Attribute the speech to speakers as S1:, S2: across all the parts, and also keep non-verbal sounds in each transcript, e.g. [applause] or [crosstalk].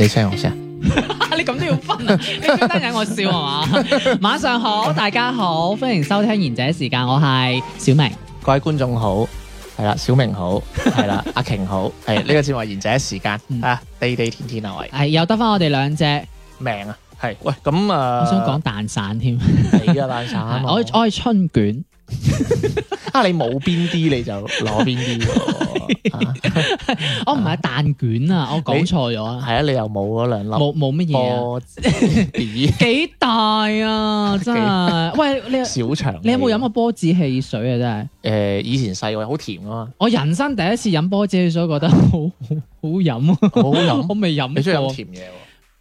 S1: 你聲我聲，
S2: 你咁都要分啊？你真係引我笑係嘛？晚上好，大家好，歡
S1: 迎收聽賢者時間，我係小明。各位觀眾好，係啦，小明好，係啦，阿瓊好，係呢個節目賢者時間啊，地地天天兩位
S2: 係又得翻我哋
S1: 兩隻命啊，係喂咁啊，我想講蛋散添，係啊，蛋散，
S2: 我我係春卷。
S1: [laughs] 啊！你冇邊啲你就攞邊啲咯。
S2: [laughs] 的啊、我唔係蛋卷啊，我講錯咗啊。係啊，你又冇嗰兩粒，冇冇乜嘢啊？幾大啊！真係， [laughs] 喂，你小長，你，你有冇飲過波子汽水啊？真係。
S1: 誒、呃，以前細個好甜啊，我
S2: 人生第一次飲波子汽水，覺得好好好飲，好好飲，我未飲。你中意飲甜嘢？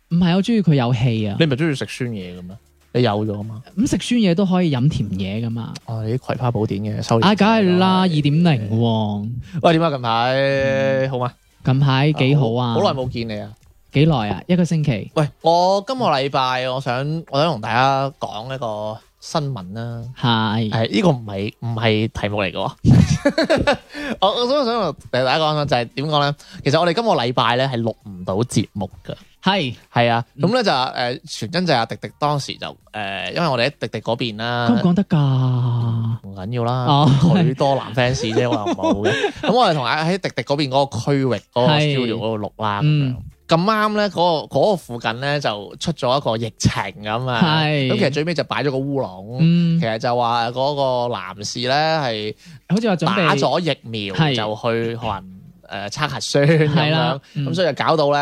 S2: 唔係，我中意佢有氣啊。你
S1: 唔係中意食酸嘢嘅咩？你有咗嘛？
S2: 咁食酸嘢都可以飲
S1: 甜嘢噶嘛？哦、啊，你啲葵花寶典嘅收、啊。煉，
S2: 梗係啦，二點零
S1: 喎。2 2. 啊、喂，點啊？嗯、近排好嘛？近排幾好啊？好耐冇見你啊？幾
S2: 耐啊？一個星
S1: 期。喂，我今個禮拜我想我想同大家講一個。新聞啦，啊，係係，呢個唔係唔係題目嚟嘅喎。我 [laughs] 我想想誒，第一講就係點講咧？其實我哋今個禮拜咧係錄唔到節目嘅。係係是啊，咁咧，嗯、就誒，全、呃、真就阿迪迪當時就誒、呃，因為我哋喺迪迪嗰邊得啦，咁唔講得㗎？唔緊要啦，佢多男 fans 啫，我又冇嘅。咁我哋同喺迪迪嗰邊嗰個區域嗰個 studio 嗰度錄啦。嗯咁啱咧，個個附近咧就出咗一個疫情咁啊，係咁是其實最尾就擺咗個烏龍，嗯，其實就話個男士咧係好似話打咗疫苗就去韓。是可能誒，測核酸咁樣，咁所以就搞到咧，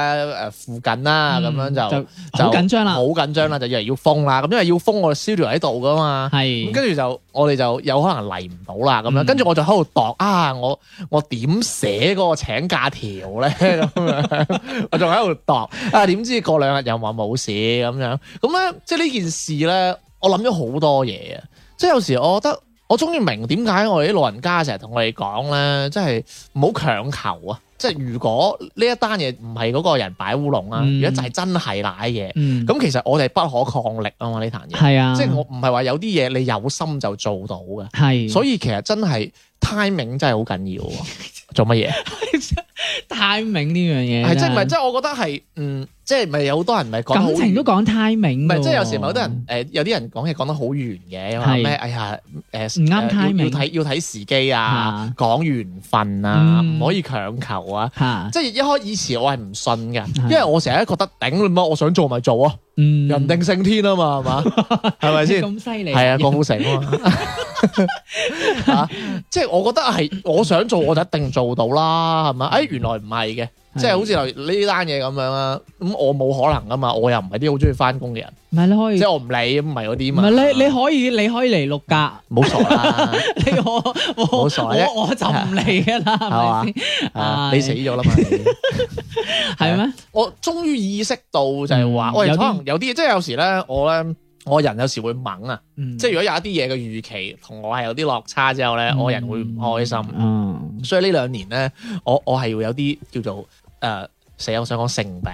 S1: 誒附近啦，咁樣就就好緊張啦，好緊張啦，就以為要封啦，咁因為要封我哋 studio 喺度噶嘛，係，啊，跟住就我哋就有可能嚟唔到啦，咁樣，嗯，跟住我就喺度度，啊，我我點寫嗰個請假條咧，咁樣， [laughs] [laughs] 我仲喺度度，啊，點知過兩日又話冇事。咁樣，咁咧，即係呢件事咧，我諗咗好多嘢啊，即係有時我覺得。我終於明點解我哋啲老人家成日同我哋講咧，即係唔好強求啊！即係如果呢一單嘢，唔係嗰個人擺烏龍啊，嗯、如果就係真係瀨嘢，咁、嗯、其實我哋不可抗力啊嘛呢壇嘢，即係我唔係話有啲嘢你有心就做到嘅，啊、所以其實真係 timing 真係好緊要。 [laughs] 做乜嘢？太明呢樣嘢，係即係唔係？即係我覺得係，嗯，即係唔係有好多人唔係講感情都
S2: 講太明，唔係即係有時某啲人，
S1: 誒，有啲人講嘢講得好圓嘅，話咩？哎呀，誒，唔啱太明，要睇要睇時機啊，講緣分啊，唔可以強求啊。即係一開始以前我係唔信嘅，因為我成日覺得頂你嘛，我想做咪做啊，人定勝天啊嘛，係咪先？咁
S3: 犀利？係啊，講好成
S1: 啊。啊！即係我覺得係我想做我就一定做到啦，係咪？誒，原來唔係嘅，即係好似例如呢單嘢咁樣啊。咁我冇可能噶嘛，我又唔係啲好中意翻工嘅人，唔係你可以，即係我唔理咁，唔係嗰啲嘛。唔係你你可以你可以嚟六格，唔好傻啦。你我我
S2: 我我就唔嚟
S1: 噶啦，係咪先？你死咗啦嘛？係咩？我終於意識到就係話，我可能有啲即係有時咧，我咧。我人有時會猛啊，即係如果有一啲嘢嘅預期同我係有啲落差之後咧，我人會唔開心。所以呢兩年咧，我我係會有啲叫做誒，死我想講性病，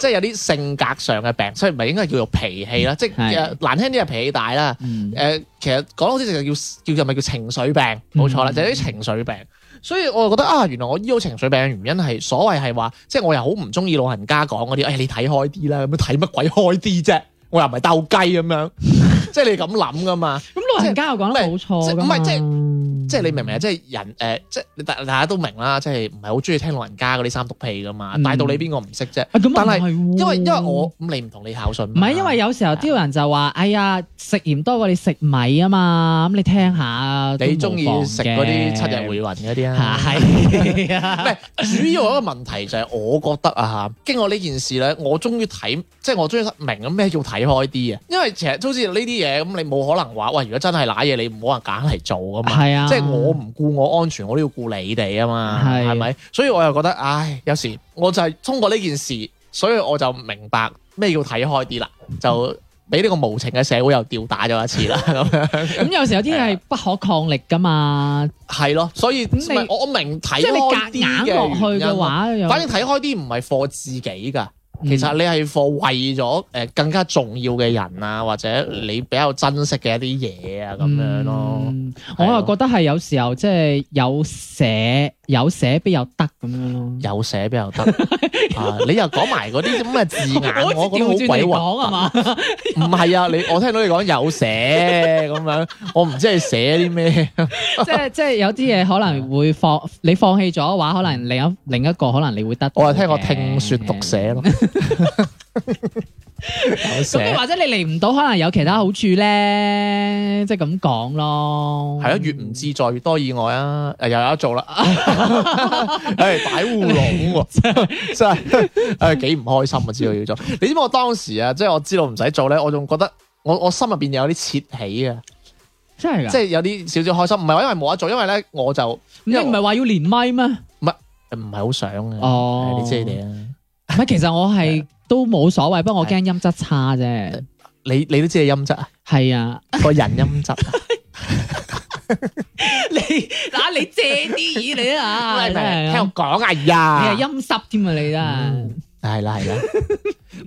S1: 即係有啲性格上嘅病，所以唔係應該叫做脾氣啦，即係難聽啲係脾氣大啦。誒，其實講得好似就叫叫做咪叫情緒病，冇錯啦，就係啲情緒病。所以我就覺得啊，原來我醫好情緒病嘅原因係所謂係話，即係我又好唔中意老人家講嗰啲，哎你睇開啲啦，咁睇乜鬼開啲啫？我又唔係鬥雞咁樣，即係你咁諗噶嘛。老人家又講得冇錯，唔係，即係即係你明唔明啊？即係人誒、呃，即係大大家都明啦，即係唔係好中意聽老人家嗰啲三篤屁㗎嘛？嗯、大道理邊個唔識啫？哎啊、但係因為因為我咁你唔同你孝順，
S2: 唔係因為有時候啲人就話：的哎呀，食鹽多過你食米啊嘛！咁你聽下，你中意食嗰啲七日回
S1: 魂嗰啲啊？係是的 [laughs] [laughs] 主要有一個問題就係我覺得啊，經過呢件事咧，我終於睇即係我終於明咗咩叫睇開啲啊。因為其實好似呢啲嘢咁，你冇可能話喂如果。真係瀨嘢，你唔好話揀嚟做噶嘛。係啊，即係我唔顧我安全，我都要顧你哋啊嘛。係、啊，係咪？所以我又覺得，唉，有時我就係通過呢件事，所以我就明白咩叫睇開啲啦。就俾呢個無情嘅社會又吊打咗一次啦。咁咁、嗯、有
S2: 時有啲嘢係、啊、不可抗力噶嘛。係咯、啊，所以你我
S1: 明睇你開啲嘅原因。反正睇開啲唔係貨自己噶。其實你係放為咗更加重要嘅人啊，或者你比較珍惜嘅一啲嘢啊，
S2: 咁樣咯。嗯，我又覺得係有時候即係、就是、有捨。有寫
S1: 必有得咁樣咯，有寫必有得啊！你又講埋嗰啲咁嘅字眼， [laughs] 我覺得好鬼混係嘛？唔係 [laughs] 啊，你我聽到你講有寫咁 [laughs] 樣，我唔知你寫啲咩。 [laughs] 即係即係有啲嘢可能會放， [laughs] 你放棄
S2: 咗嘅話，可能另一另一個可能你會得。我又聽過聽説讀寫咯。 [laughs]
S1: [laughs] 或
S2: 者你嚟唔到，可能有其他好處咧，即係
S1: 咁講咯。係啊，越唔自在越多意外啊！又有得做啦，係擺烏龍，真係誒，幾唔開心啊！知道要做， [laughs] 你知唔知我當時啊，即係我知道唔使做咧，我仲覺得我我心入邊有啲竊喜嘅，真係噶，即係有啲少少開心。唔係因為冇得做，因為咧我就你唔係話要連麥咩？唔係唔係好想啊？哦，oh. 你知你啊，
S2: 係，其實我係。都冇所
S1: 謂，不過我驚音質差啫。你你都知係音質啊？係啊，個人音質。哎、
S2: 你嗱你借啲嘢你啊！聽我講啊，而家你係陰濕添啊！你真
S1: 係係啦係啦。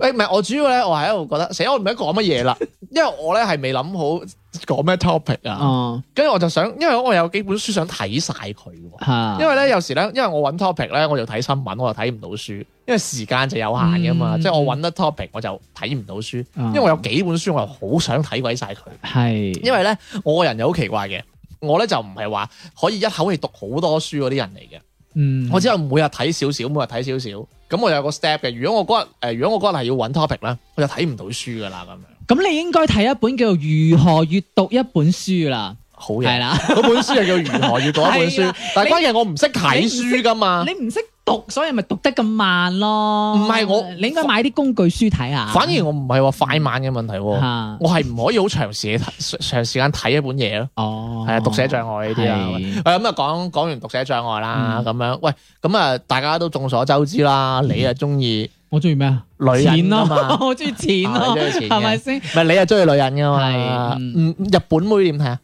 S1: [laughs] 喂，唔係我主要咧，我喺度覺得，成日我唔明講乜嘢啦，因為我咧係未諗好。講咩 topic 啊？跟住，哦、我就想，因為我有幾本書想睇晒佢。啊，因為咧有時咧，因為我揾 topic 咧，我就睇新聞，我就睇唔到書，因為時間就有限噶嘛。嗯，即係我揾得 topic，我就睇唔到書，啊，因為我有幾本書我又好想睇鬼晒佢。是因為咧，我個人又好奇怪嘅，我咧就唔係話可以一口氣讀好多書嗰啲人嚟
S2: 嘅。嗯，
S1: 我只係每日睇少少，每日睇少少。咁我有個 step 嘅，如果我嗰日誒，如果我嗰日係要揾 topic 咧，我就睇唔到書噶啦咁樣。
S2: 咁你應該睇一本叫做《如何閱讀一本書》啦，好
S1: 嘢，係啦，嗰本書又叫如何閱讀一本書。但係關鍵我唔識睇書噶嘛，你
S2: 唔識讀，所以咪讀得咁慢咯。唔係我，你應該買啲工具書睇下。反
S1: 而我唔係話快慢嘅問題，我係唔可以好長時間長時間睇一本嘢咯。哦，係啊，讀寫障礙呢啲啦。咁啊，講講完讀寫障礙啦，咁樣，喂，咁啊，大家都眾所周知啦，你啊中意。我中意咩啊？啊錢吧女人啊嘛，我
S2: 中意錢咯，係咪先？
S1: 唔係你又中意女人嘅嘛？係，嗯，日本妹點
S2: 睇啊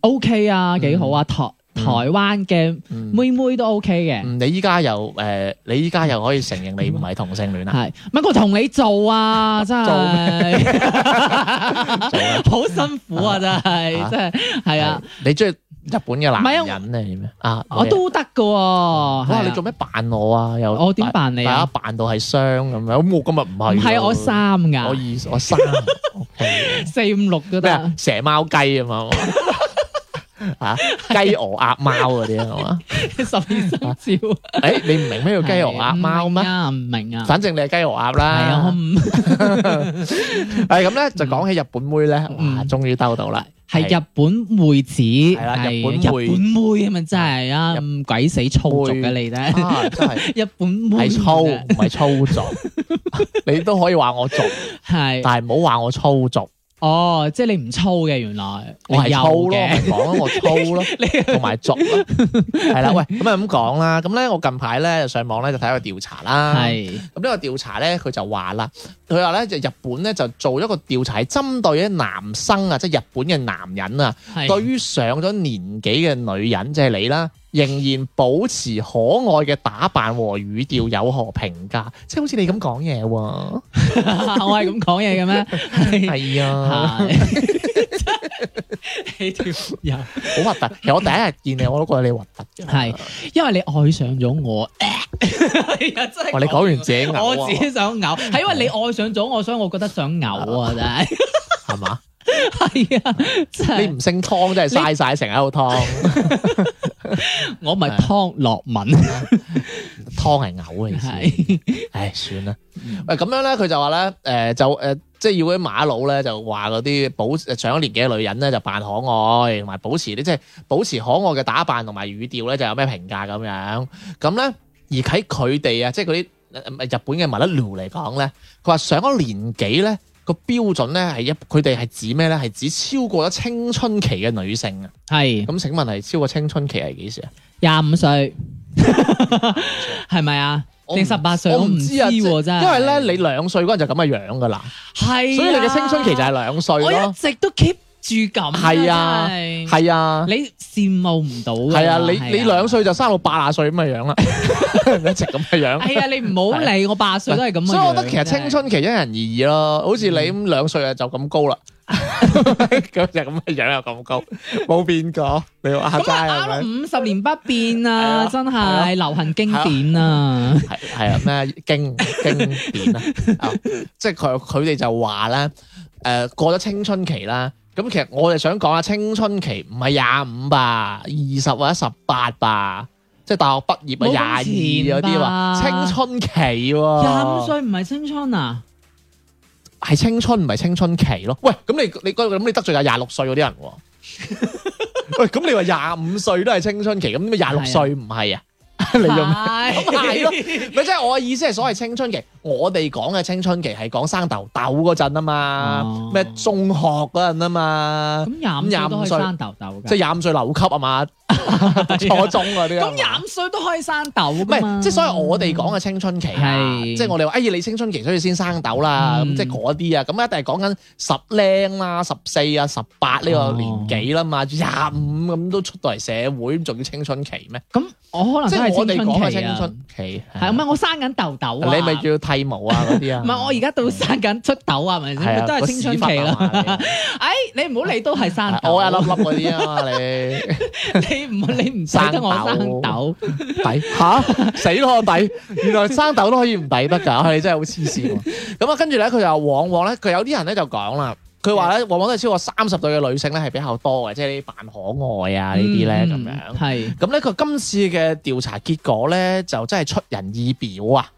S2: ？OK 啊，幾好啊！台、嗯、台灣嘅妹妹都 OK 嘅、
S1: 嗯。你依家又誒、呃，你依家又可以承認你唔係同性戀啊？係， [laughs]
S2: 唔係我同你做
S1: 啊！真係 [laughs] 做咩 [laughs] [laughs] 好辛苦啊！真係，真係，係啊！啊你中意？日本嘅男人嚟咩？是啊，我啊都得噶。我、啊、你做咩扮我啊？又我點扮你啊？扮、啊、到係傷咁樣，我今日唔係。係我三噶、啊。我二， [laughs] 我三。Okay. [laughs] 四五六都得。啊？蛇貓雞啊嘛。 [laughs] [laughs] 吓雞鵝鴨貓嗰啲係嘛十二生肖？誒，你唔明咩叫雞鵝鴨貓咩？唔明、 [laughs] 嗯、啊！反、啊、正你係雞鵝鴨啦。係啊、 [laughs] [laughs] 哎，唔係咁咧，就講起日本妹咧，哇，終於兜到啦！係日
S2: 本妹子係啦， [laughs] 日本妹咁啊，真係啊，咁鬼死粗俗嘅你咧，真
S1: 係日本妹係 [laughs] 粗，唔係粗俗！你都可以話我俗，係， [laughs] 是 但係唔好話我粗俗。
S2: 哦，即係你唔粗嘅原來，我係粗嘅，講咯，我
S1: 粗咯，同埋俗咯，係啦， [laughs] 喂，咁啊咁講啦，咁咧我近排咧就上網咧就睇一個調查啦，係，咁呢個調查咧佢就話啦，佢話咧就日本咧就做一個調查，係針對啲男生啊，即係日本嘅男人啊，對於上咗年紀嘅女人，即係你啦。仍然保持可愛嘅打扮和語調，有何評價？即係好似你咁講嘢喎，我係咁講嘢嘅咩？係啊，好核突！其實我第一日見你，
S2: 我都覺得你核突嘅。係， [laughs] 因
S1: 為你愛上咗我。係啊，真 [laughs] 係、哦。我你講完自己， [laughs] [laughs] 我只想嘔。係 [laughs] 因為你愛上咗我。係
S2: 啊，真係，你講完自己，我自己想嘔，係因為你愛上
S1: 咗我，所以我覺得想嘔啊！真係係嘛？係 [laughs] 啊，你唔姓湯真係嘥晒，成日喺度湯。我咪湯落文，湯係嘔嘅意思。 [laughs] 唉，算啦。喂、嗯，咁樣咧，佢就話咧，誒，就誒、呃，即係要啲馬佬咧，就話嗰啲保上咗年紀嘅女人咧，就扮可愛，同埋保持啲即係保持可愛嘅打扮同埋語調咧，就有咩評價咁樣。咁咧，而喺佢哋啊，即係嗰啲日本嘅麻甩佬嚟講咧，佢話上咗年紀咧。個標準咧係一，佢哋係指咩咧？係指超過咗青春期嘅女性啊！係，咁請問係超過青春期係幾時啊？廿五歲係咪啊？定十八歲？我唔知啊，真係。因為咧，你兩歲嗰陣就咁嘅樣噶啦，係，所以你嘅青春期就係兩歲咯。我一直都 keep。住
S2: 咁係啊，係
S1: 啊，你羨慕唔到嘅，係啊！你你兩歲就生到八廿歲咁嘅樣啦，一直咁嘅樣。係啊，你唔好理我八歲都係咁。所以我覺得其實青春期因人而異咯，好似你咁兩歲啊就咁高啦，咁就咁嘅樣又咁高，冇變過。你話齋咁啊，咬咗五
S2: 十年不變啊，真係流行經典
S1: 啊！係，係啊，咩經經典啊？即係佢佢哋就話咧，誒，過咗青春期啦。咁其實我哋想講下青春期唔係廿五吧，二十或者十八吧，即係大學畢業咪廿二啊啲話，青春期喎，廿五歲
S2: 唔係青春啊，
S1: 係青春唔係青春期咯？喂，咁你你嗰咁你得罪啊廿六歲嗰啲人喎？ [laughs] [laughs] 喂，咁你話廿五歲都係青春期，咁廿六歲唔係啊？你用咩？咁咪係咯，咪即係我嘅意思係所謂青春期，我哋講嘅青春期係講生痘痘嗰陣啊嘛，咩中學嗰陣啊嘛，咁廿五歲生痘痘，即係廿五歲留級係嘛，初中啊啲，咁廿五歲都可以生痘，唔係，即係所以我哋講嘅青春期啊，即係我哋話哎你青春期所以先生痘啦，咁即係嗰啲啊，咁一定係講緊十零啦，十四啊、十八呢個年紀啦嘛，廿五咁都出到嚟社會，仲要青春期咩？咁
S2: 我可能啊、我哋講嘅青春期，係唔係我生緊痘痘啊？是是豆豆啊你咪叫剃
S1: 毛啊嗰啲啊？唔係 [laughs]
S2: 我而家到生緊出痘啊，咪 [laughs] 都係青春期咯。 [laughs] 哎，你唔好理，都係生我一粒粒嗰啲啊！你
S1: 你唔你唔使得我生痘抵嚇死咯！我抵原來生痘都可以唔抵得㗎，你真係好黐線。咁啊，跟住咧佢就往往咧，佢有啲人咧就講啦。佢話 Yes. 往往係超過三十歲嘅女性咧，係比較多嘅，即係扮可愛啊呢啲咧咁樣。咁咧是，佢今次嘅調查結果呢，就真係出人意表啊！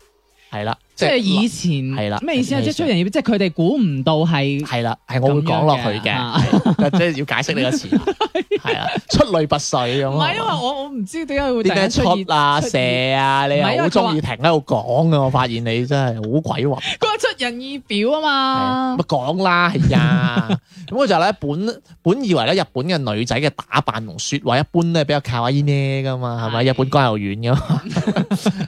S1: 係啦。即係以前係啦，咩意思啊？即係出
S2: 人意表，即係佢哋估唔到係，係啦，係我會講落去嘅，
S1: 即係要解釋呢個詞，係啦，出類拔萃咁。唔係因為我我唔知點解會突然出意啊，蛇啊，你又好中意停喺度講嘅，我發現你真係好鬼混。
S2: 講出人意表啊嘛，
S1: 咪講啦係啊，咁我就咧本本以為咧日本嘅女仔嘅打扮同說話一般都係比較卡哇伊呢噶嘛，係咪？日本瓜又軟嘅嘛，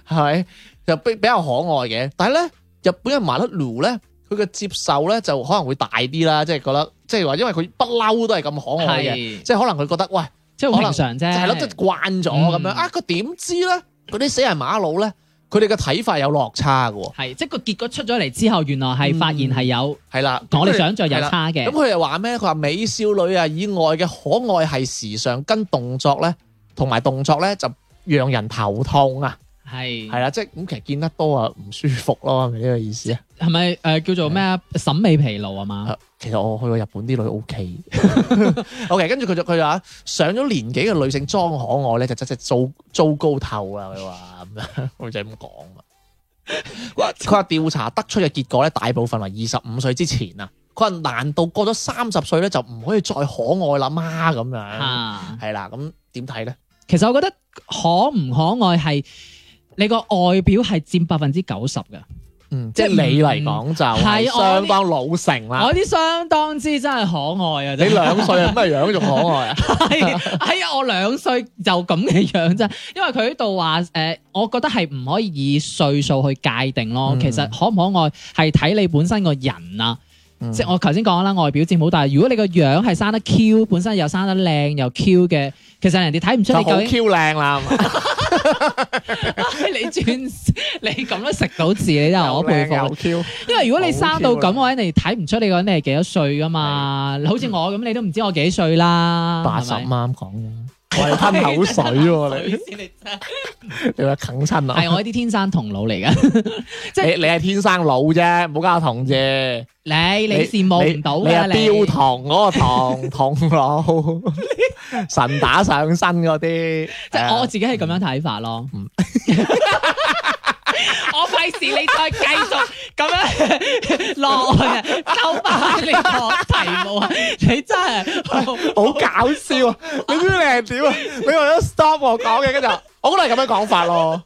S1: 係咪？就比比較可愛嘅，但係咧，日本人麻甩佬咧，佢嘅接受咧就可能會大啲啦，即係覺得，即係話，因為佢不嬲都係咁可愛嘅，的即係可能佢覺得，喂，即係正常啫，係咯、嗯，即係慣咗咁樣啊，佢點知咧？嗰啲死人麻甩佬咧，佢哋嘅睇法有落差嘅，係，即係個結果出咗嚟之後，原來係
S2: 發現係有，係啦、嗯，我哋想象有差嘅，咁佢
S1: 又話咩？佢話美少女啊以外嘅可愛係時尚，跟動作咧，同埋動作咧就讓人頭痛啊！係係啦，即係咁，其實見得多啊，唔舒服咯，係咪呢個意思啊？係咪誒叫做
S2: 咩啊？審美疲勞啊嘛？
S1: 其實我去過日本啲女 O K O K，跟住佢就佢話上咗年紀嘅女性裝可愛咧，就真係糟糟糕透啊！佢話咁樣，好似咁講啊。佢話調查得出嘅結果咧，大部分係二十五歲之前啊。佢話難道過咗三十歲咧，就唔可以再可愛啦嘛？咁樣係啦，咁點睇咧？呢
S2: 其實我覺得可唔可愛係。你個外表係佔百分之九十嘅，嗯，即係你嚟
S1: 講就係相當老成啦。我啲
S2: 相當之真係可愛啊！你兩歲咩樣仲可愛？係係啊， [laughs] 我兩歲就咁嘅樣啫。因為佢喺度話，誒、呃，我覺得係唔可以以歲數去界定咯。其實可唔可愛係睇你本身個人啊。嗯、即係我頭先講啦，外表佔好大。如果你個樣係生得 Q，本身又生得靚又 Q 嘅，其實人哋睇唔出你究竟 Q 靚啦。你轉你咁樣食到字，你真係我佩服。Q，因為如果你生到咁位，你睇唔出你嗰你係幾多歲噶嘛？的好似我咁，你都唔知我幾歲啦。八十
S1: 啱講我係吞口水，你，你話啃親啊？係我啲
S2: 天生銅腦嚟
S1: 噶，即係你係天生腦啫，唔好加個銅字。你你羨慕唔到啊，你標銅嗰個銅銅腦，神打上身嗰啲，即係我自己係咁樣睇法咯。 [laughs] [laughs]
S2: 我費事你再繼續咁樣落去啊，收翻你個
S1: 題目啊，你真係好搞笑啊！你知唔知你係點啊？你為咗 stop 我講嘅，跟住我都係咁樣講法咯。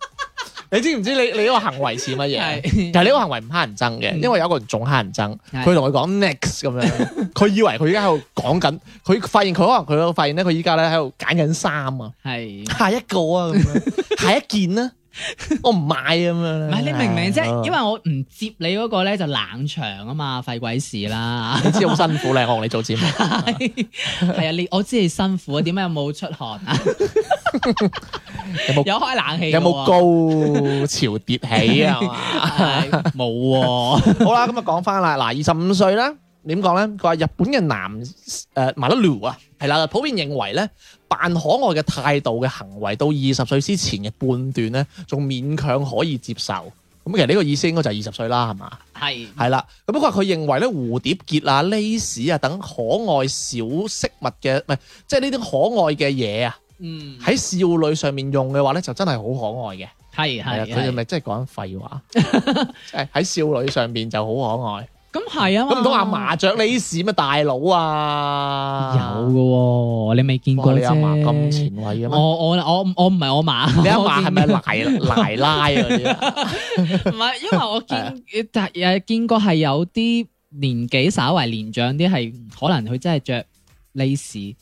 S1: 你知唔知你你呢個行為是乜嘢？但係你呢個行為唔乞人憎嘅，因為有一個人仲乞人憎，佢同佢講 next 咁樣，佢以為佢而家喺度講緊，佢發現佢可能佢發現咧，佢依家咧喺度揀緊衫啊，係下一個啊，咁樣，下一件啊。我唔買咁樣，唔係 [laughs] 你明唔明啫？因為我唔接你嗰個咧就冷場
S2: 啊嘛，廢鬼事啦。 [laughs] 你知好辛苦咧、啊，我同你做節目。係 [laughs] [laughs] 啊，你我知你辛苦啊，點解有冇出汗啊？有 [laughs] 冇有開冷氣、啊？ [laughs] 有冇高
S1: 潮迭起啊？冇、 [laughs] [laughs] [laughs] [laughs] 哎。啊、 [laughs] 好啦，咁啊講翻啦，嗱，二十五歲啦。點講咧？佢話日本嘅男誒麻甩佬啊，係啦，普遍認為咧扮可愛嘅態度嘅行為，到二十歲之前嘅半段咧，仲勉強可以接受。咁其實呢個意思應該就係二十歲啦，係嘛？係係啦。咁不過佢認為咧蝴蝶結啊、lace 啊等可愛小飾物嘅，唔係即係呢啲可愛嘅嘢啊。嗯。喺少女上面用嘅話咧，就真係好可愛嘅。係係係。佢哋咪真係講緊廢話？喺少女上面就好可愛。咁係、嗯、啊嘛，咁唔通阿麻着呢士咩大佬啊？有嘅喎，
S2: 啊，你未見過你阿麻咁前
S1: 衛嘅咩？我我我我唔係我麻，你阿麻係咪奶奶奶嗰啲？
S2: 唔係， [laughs] 因為我見但誒、 [laughs] 啊、見過係有啲年紀稍為年長啲係，可能佢真係着呢士。即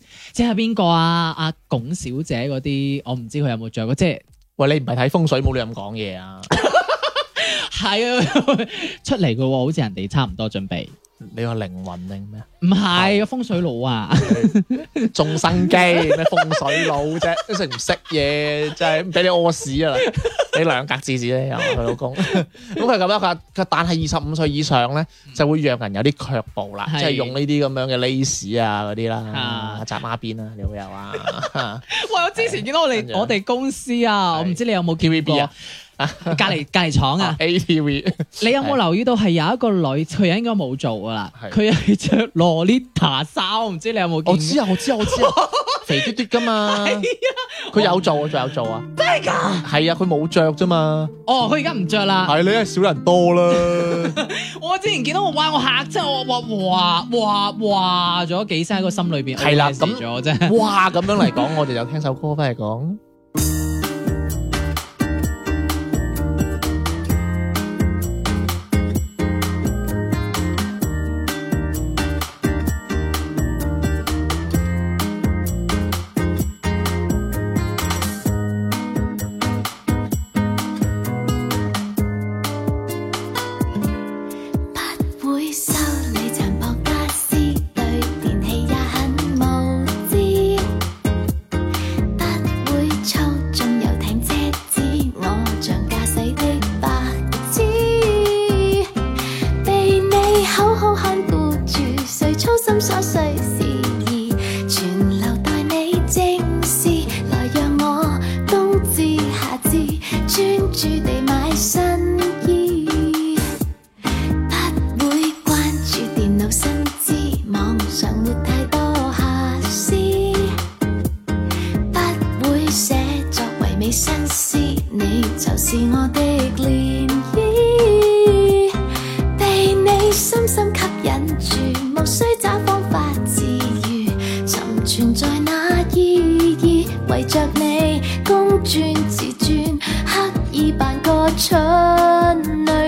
S2: 係邊個啊？阿龔小姐嗰啲，我唔知佢有冇着過。即係喂，你唔係睇風水
S1: 冇你咁講嘢啊！ [laughs]
S2: 係啊，出嚟嘅好似人哋差唔多
S1: 準備。你話靈魂定咩？唔係風水佬啊，仲生機咩風水佬啫？都識唔識嘢，就係唔俾你屙屎啊！你兩格紙紙咧又佢老公，咁佢咁咧佢佢但係二十五歲以上咧就會讓人有啲卻步啦，即係用呢啲咁樣嘅 lace 啊嗰啲啦，紮孖辮啊？你會有啊？
S2: 我之前見到我哋我哋公司啊，我唔知你有冇 TV 見過。隔籬隔籬廠啊！ATV，你有冇留意到係有一個女，佢應該冇做噶啦。佢係着洛麗塔衫，唔知你有冇？我知啊，我知，我知，
S1: 肥嘟嘟噶嘛。係，佢有做，我仲有做啊。真係噶？係啊，佢冇着啫嘛。
S2: 哦，佢而家唔着啦。
S1: 係咧，少人多啦。
S2: 我之前見到我哇，我吓親我，哇哇哇哇，咗幾聲喺個心裏邊。係啦，
S1: 咁咗啫。哇，咁樣嚟講，我哋就聽首歌翻嚟講。
S4: 為着你公轉自轉，刻意扮個蠢女。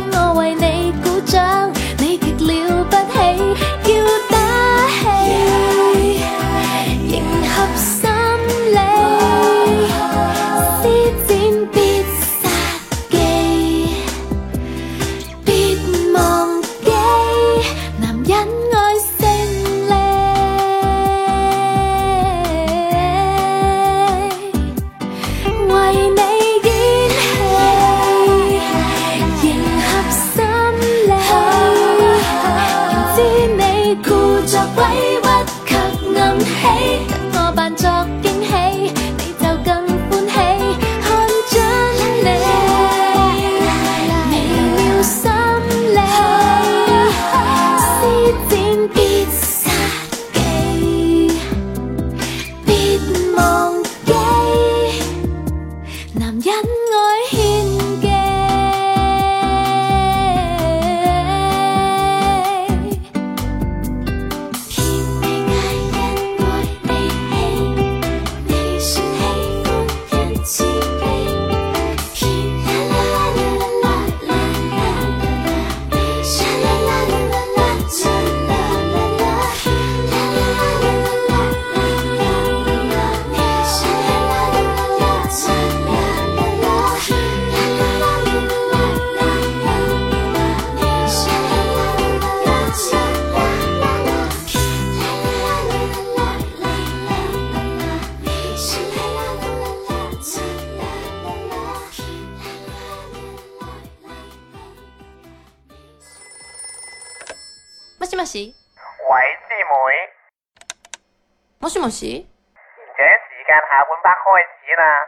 S1: 喂，師妹，
S4: もしもし。
S1: 賢者時間下半 part 開始啦。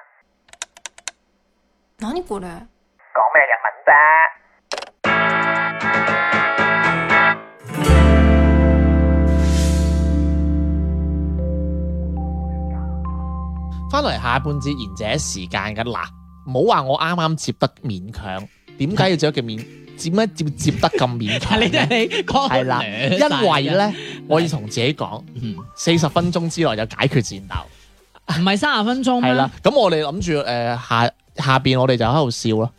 S4: 咩嚟？
S1: 講咩日文啫？翻嚟下半節賢者時間噶嗱，唔好話我啱啱接得勉強，點解要做句面？ [laughs] 點解接接得咁勉強？係 [laughs] 你講係啦， [music] 的因為咧， [music] 我要同自己講，四十分鐘之內就解決戰鬥，
S2: 唔係卅分鐘咩？係啦，
S1: 咁我哋諗住誒下。下邊我哋就喺度笑咯，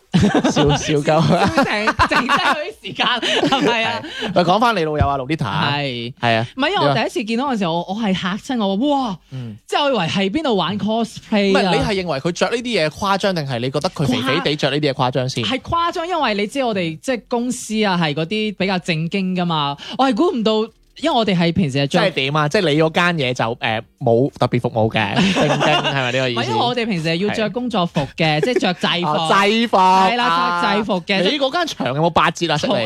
S1: 笑笑夠，淨
S2: 淨晒嗰啲時
S1: 間係 [laughs] 啊。咪講翻你老友啊，Lolita 係係啊，唔係因為我第一次
S2: 見到嗰陣時，候，我係嚇親我話，哇！即係我以為喺邊度玩 cosplay，嗯。你係
S1: 認為佢着呢啲嘢誇張，定係你覺得佢肥肥地着呢啲嘢誇張先？係
S2: 誇張，因為你知我哋即係公司啊，係嗰啲比較正經噶嘛，
S1: 我係估唔到。因為我哋係平時係著，即係點啊？即係你嗰間嘢就誒冇特別服務嘅，正正係咪呢個意思？係因為我哋平時係要着工作服嘅，即係着制服。制服係
S2: 啦，著制服嘅。你嗰間
S1: 場有冇八折啊？出嚟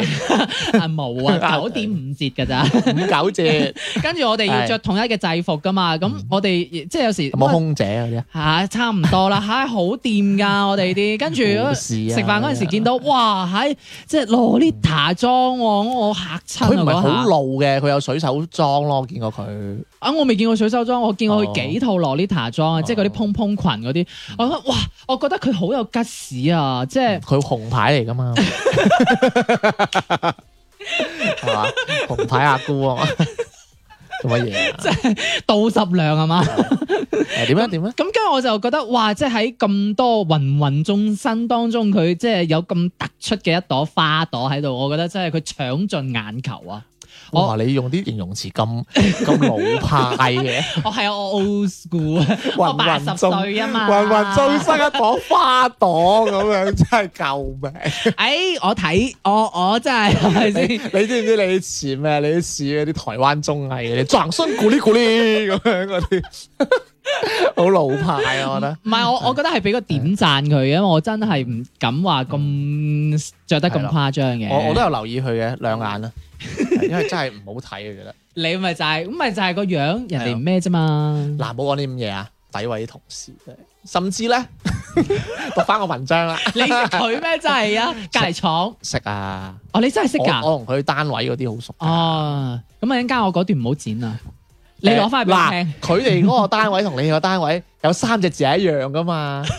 S1: 啊，冇啊，九點五折㗎咋？五九折。
S2: 跟住我哋要着統一嘅制服㗎嘛？咁我哋即係有時冇空姐嗰啲吓，差唔多啦。嚇，好掂㗎，我哋啲。跟住食飯嗰陣時見到，哇！嚇，即係 Lolita 裝喎，我嚇親啊！佢唔係好露
S1: 嘅，佢有。水手裝咯，我見過佢
S2: 啊！我未見過水手裝，我見過佢幾套 l 莉 l i 裝啊，哦、即係嗰啲蓬蓬裙嗰啲。嗯、我覺得哇，我覺得佢好有吉屎啊！即係
S1: 佢、嗯、紅牌嚟噶嘛，係、啊、 [laughs] 嘛？紅牌阿姑啊，嘛、 [laughs] 啊，做乜嘢？即係
S2: 倒十兩啊嘛？係點咧？點咧？咁跟住我就覺得哇！即係喺咁多芸芸眾生當中，佢即係有咁突出嘅一朵花朵喺度，我覺得真係佢搶盡眼球啊！
S1: 我話你用啲形容詞咁咁老派嘅， [laughs] 我
S2: 係我 old school，
S1: [laughs] 我八十歲啊嘛，雲雲最新一朵花朵咁樣，真係救命！哎、欸，我睇我我真係係咪先？你知唔知你似咩？你似啲台灣綜藝你撞身咕哩咕哩咁樣嗰啲，好老派不我覺得。唔係我
S2: 我覺得係俾個點讚佢因為！嗯、對我真係唔敢話咁着得咁誇張嘅。我我都有留
S1: 意佢嘅兩眼啊。 [laughs] 因為真係唔好睇啊，覺得你咪就係、是，咁咪 [laughs] 就係個樣人哋咩啫嘛。嗱，唔好講啲咁嘢啊，詆毀啲同事，甚至咧 [laughs] 讀翻個文章啦。 [laughs] 你係佢咩真係啊？隔籬廠識啊？哦，
S2: 你真係識噶？
S1: 我同佢單位嗰啲好熟、啊。哦，咁啊，陣間我嗰段唔好剪啊。
S2: 你攞翻俾我聽。佢哋嗰個單
S1: 位同你個單位有三隻字一樣噶嘛？ [laughs] [laughs]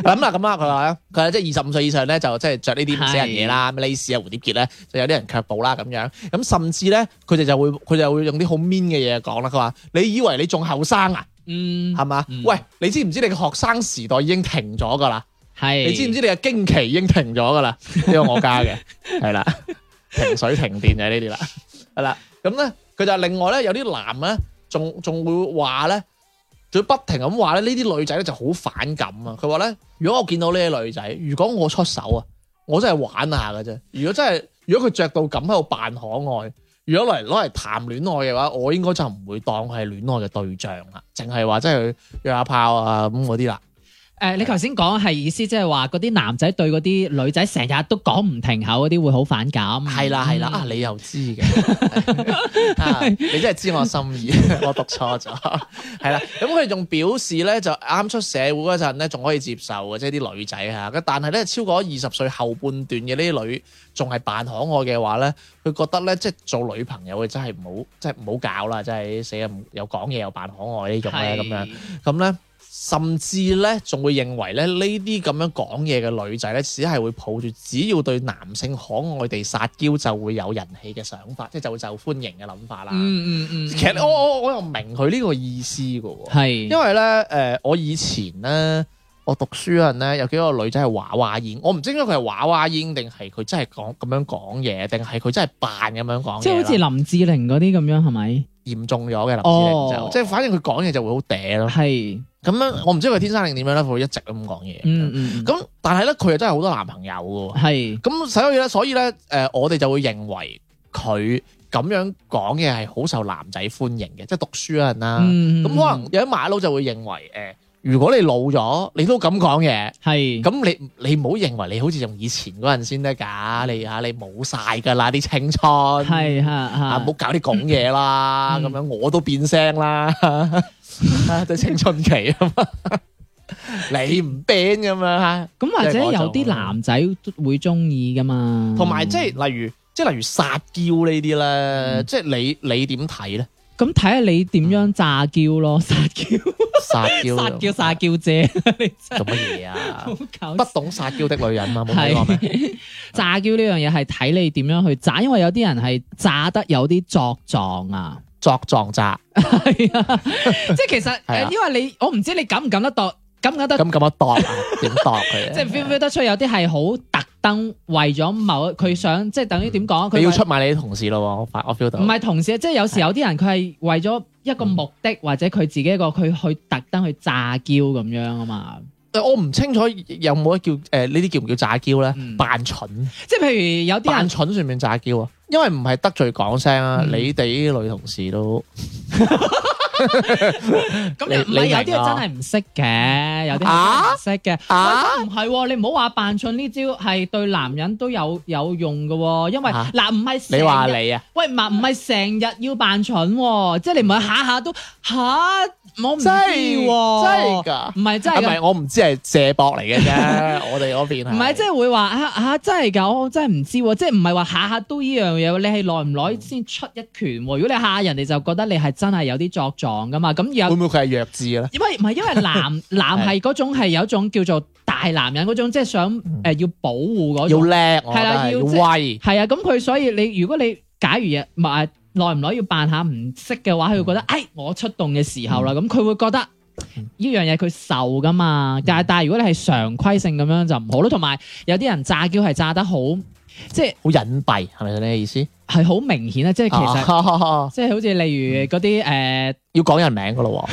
S1: 咁啦，咁啦，佢話佢話即係二十五歲以上咧，就即係着呢啲唔死人嘢啦，咁 lace 啊，蝴蝶結咧，就有啲人卻步啦咁樣，咁甚至咧，佢哋就會佢就會用啲好 mean 嘅嘢講啦。佢話：你以為你仲後生啊？嗯，係嘛？喂，你知唔知你嘅學生時代已經停咗噶啦？係，你知唔知你嘅驚奇已經停咗噶啦？呢個我家嘅，係啦，停水停電就呢啲啦，係啦。咁咧，佢就另外咧，有啲男咧，仲仲會話咧。佢不停咁話咧，呢啲女仔咧就好反感啊！佢話咧，如果我見到呢啲女仔，如果我出手啊，我真係玩下㗎啫。如果真係，如果佢着到咁喺度扮可愛，如果嚟攞嚟談戀愛嘅話，我應該就唔會當佢係戀愛嘅對象啦，淨係話即係約下炮啊咁嗰啲啦。
S2: 誒、呃，你頭先講係意思，即係話嗰啲男仔對嗰啲女仔成日都講唔停口嗰啲會好反感。係
S1: 啦，係啦，啊，你又知嘅、 [laughs] 啊，你真係知我心意，我讀錯咗。係啦， [laughs] 咁佢仲表示咧，就啱出社會嗰陣咧，仲可以接受嘅，即係啲女仔嚇。但係咧，超過二十歲後半段嘅呢啲女，仲係扮可愛嘅話咧，佢覺得咧，即係做女朋友嘅真係唔好，即係唔好搞啦，即係啲死人又講嘢又扮可愛呢種咧咁樣咁咧。甚至咧，仲會認為咧呢啲咁樣講嘢嘅女仔咧，只係會抱住只要對男性可愛地撒嬌就會有人氣嘅想法，即係就會受歡迎嘅諗法啦。嗯嗯嗯，嗯其實我我我又明佢呢個意思嘅喎、喔。係是，因為咧誒、呃，我以前咧，我讀書嗰陣咧，有幾個女仔係話話煙。我唔知應該佢係話話煙，定係佢真係講咁樣講嘢，定係佢真係扮咁樣講嘢。即係好似
S2: 林志玲嗰啲咁樣，係咪？
S1: 嚴重咗嘅林志玲就、哦、即係，反正佢講嘢就會好嗲咯。係。咁樣我唔知佢天生定點樣啦，佢會一直咁講嘢。嗯嗯。咁但係咧，佢又真係好多男朋友喎。係是。咁所以咧，所以咧，誒、呃，我哋就會認為佢咁樣講嘢係好受男仔歡迎嘅，即、就、係、是、讀書人啦、啊。咁、嗯、可能有啲馬佬就會認為，誒、呃，如果你老咗，你都咁講嘢，係是。咁你你唔好認為你好似用以前嗰陣先得㗎，你呀你冇晒㗎啦啲青春。係。啊啊，唔好搞啲講嘢啦，咁、嗯、樣我都變聲啦。 [laughs] 啊！就 [laughs] 青春期啊 [laughs] 嘛，你唔 ban 噶嘛？咁或者有啲
S2: 男仔會中意噶嘛？同埋即係
S1: 例如，即係例如撒嬌、嗯、呢啲咧，即係、嗯、你你點睇咧？
S2: 咁睇下你點樣詐嬌咯？撒嬌，
S1: 撒嬌，撒嬌，撒嬌啫，你真的 做乜嘢啊？不懂撒嬌的女人嘛、啊？係
S2: [laughs] 炸嬌呢樣嘢係睇你點樣去炸，因為有啲人係炸得有啲作狀啊。
S1: 作撞砸，
S2: [laughs] [laughs] 即係其實， [laughs] 因為你我唔知你敢唔敢得當，敢敢得度 [laughs] 感唔感得？
S1: 感唔感得當啊？點當佢？即係
S2: feel feel 得出有啲係好特登為咗某佢想，嗯、即係等於點講？佢要出
S1: 賣你啲同事咯？我 feel 到唔
S2: 係同事，即係有時有啲人佢係為咗一個目的，嗯、或者佢自己一個佢去特登去詐嬌咁樣啊嘛。誒、嗯，我唔清楚
S1: 有冇叫誒、呃、呢啲叫唔叫詐嬌咧？扮、嗯、蠢，即係譬如有啲扮蠢算唔算詐嬌啊？因為唔係得罪講聲啊，你哋啲女同事都咁，唔係有啲真係唔識嘅，有啲唔
S2: 識嘅，唔係你唔好話扮蠢呢招係對男人都有有用嘅，因為嗱唔係你話你啊？喂，唔係唔係成日要扮蠢，即係你唔係下下都吓，我唔知真係噶，唔係真係唔係
S1: 我唔知係借博嚟嘅啫，我哋嗰邊唔
S2: 係即係會話啊啊，真係噶，我真係唔知，即係唔係話下下都依樣。你係耐唔耐先出一拳喎，啊？如果你嚇人哋就覺得你係真係有啲作狀噶嘛？咁弱會唔會佢係弱智咧？因為唔係因為男男係嗰種係有一種叫做大男人嗰種， [laughs] 的即係想誒要保護嗰種，要叻，係啦，要威，係啊。咁佢的、嗯、所以你如果你假如日唔係耐唔耐要扮下唔識嘅話，佢會覺得誒 [laughs] 我出動嘅時候啦，咁佢 [laughs] 會覺得呢樣嘢佢受噶嘛？但係但係如果你係常規性咁樣就唔好咯。同埋有啲人詐嬌係詐得好。即係好隱蔽，係咪就呢個意思？係好明顯啊！即係其實，啊啊啊、即係好似例如嗰啲誒，嗯呃、要講
S1: 人名噶咯，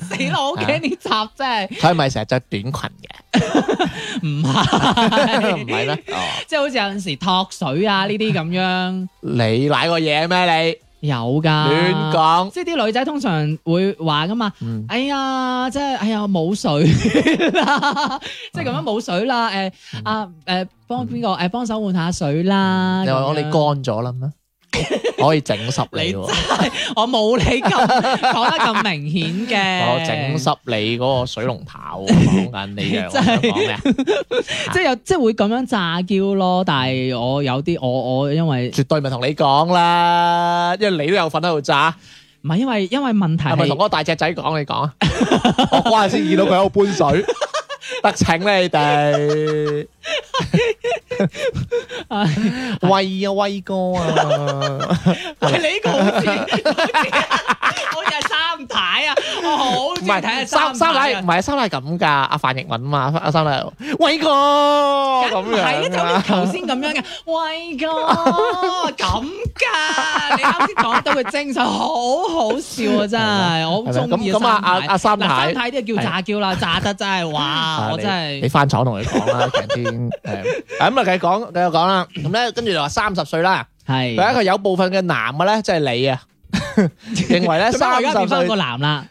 S2: 死咯！我驚你集即係，佢係
S1: 咪成日着短裙嘅？
S2: 唔係，唔係咩？即係好似有陣時托水啊呢啲咁樣。你瀨個嘢咩你？有㗎，說即係啲女仔通常會話㗎嘛、嗯哎，哎呀，沒 [laughs] 即係哎呀冇水啦，即咁樣冇水啦，誒、欸，阿、啊、幫、欸嗯啊、手換下水啦，嗯、樣你話我哋乾
S1: 咗啦咩？可以整濕你喎，
S2: 我冇你咁
S1: 講得咁明顯嘅、就是。我整濕你嗰個水龍頭，講緊你樣。即係講
S2: 咩啊？即係有即係會咁樣詐嬌咯，但係我有啲我我
S1: 因為絕對咪同你講啦，因為你都有瞓喺度炸，唔係因為因為問題係咪同嗰個大隻仔講？你講啊！我嗰陣先遇到佢喺度搬水，得請你哋。喂啊威哥啊，喂你嗰次，我只係
S2: 三太啊，我好唔係睇下三三太，
S1: 唔係三太咁噶，阿范奕文啊嘛，阿三太威哥咁
S2: 樣，係啊，就你頭先咁樣嘅威哥咁噶，你啱先講到佢精神好好笑啊，真係，我好中意三太。咁啊阿阿三太，三太
S1: 啲叫詐嬌啦，詐得真係，哇！我真係你翻廠同佢講啦，強天係，咁啊繼續講繼續講啦。咁咧，跟住就話三十歲啦，係，或者係有部分嘅男嘅咧，即係你啊，認為咧三十歲變翻個男啦，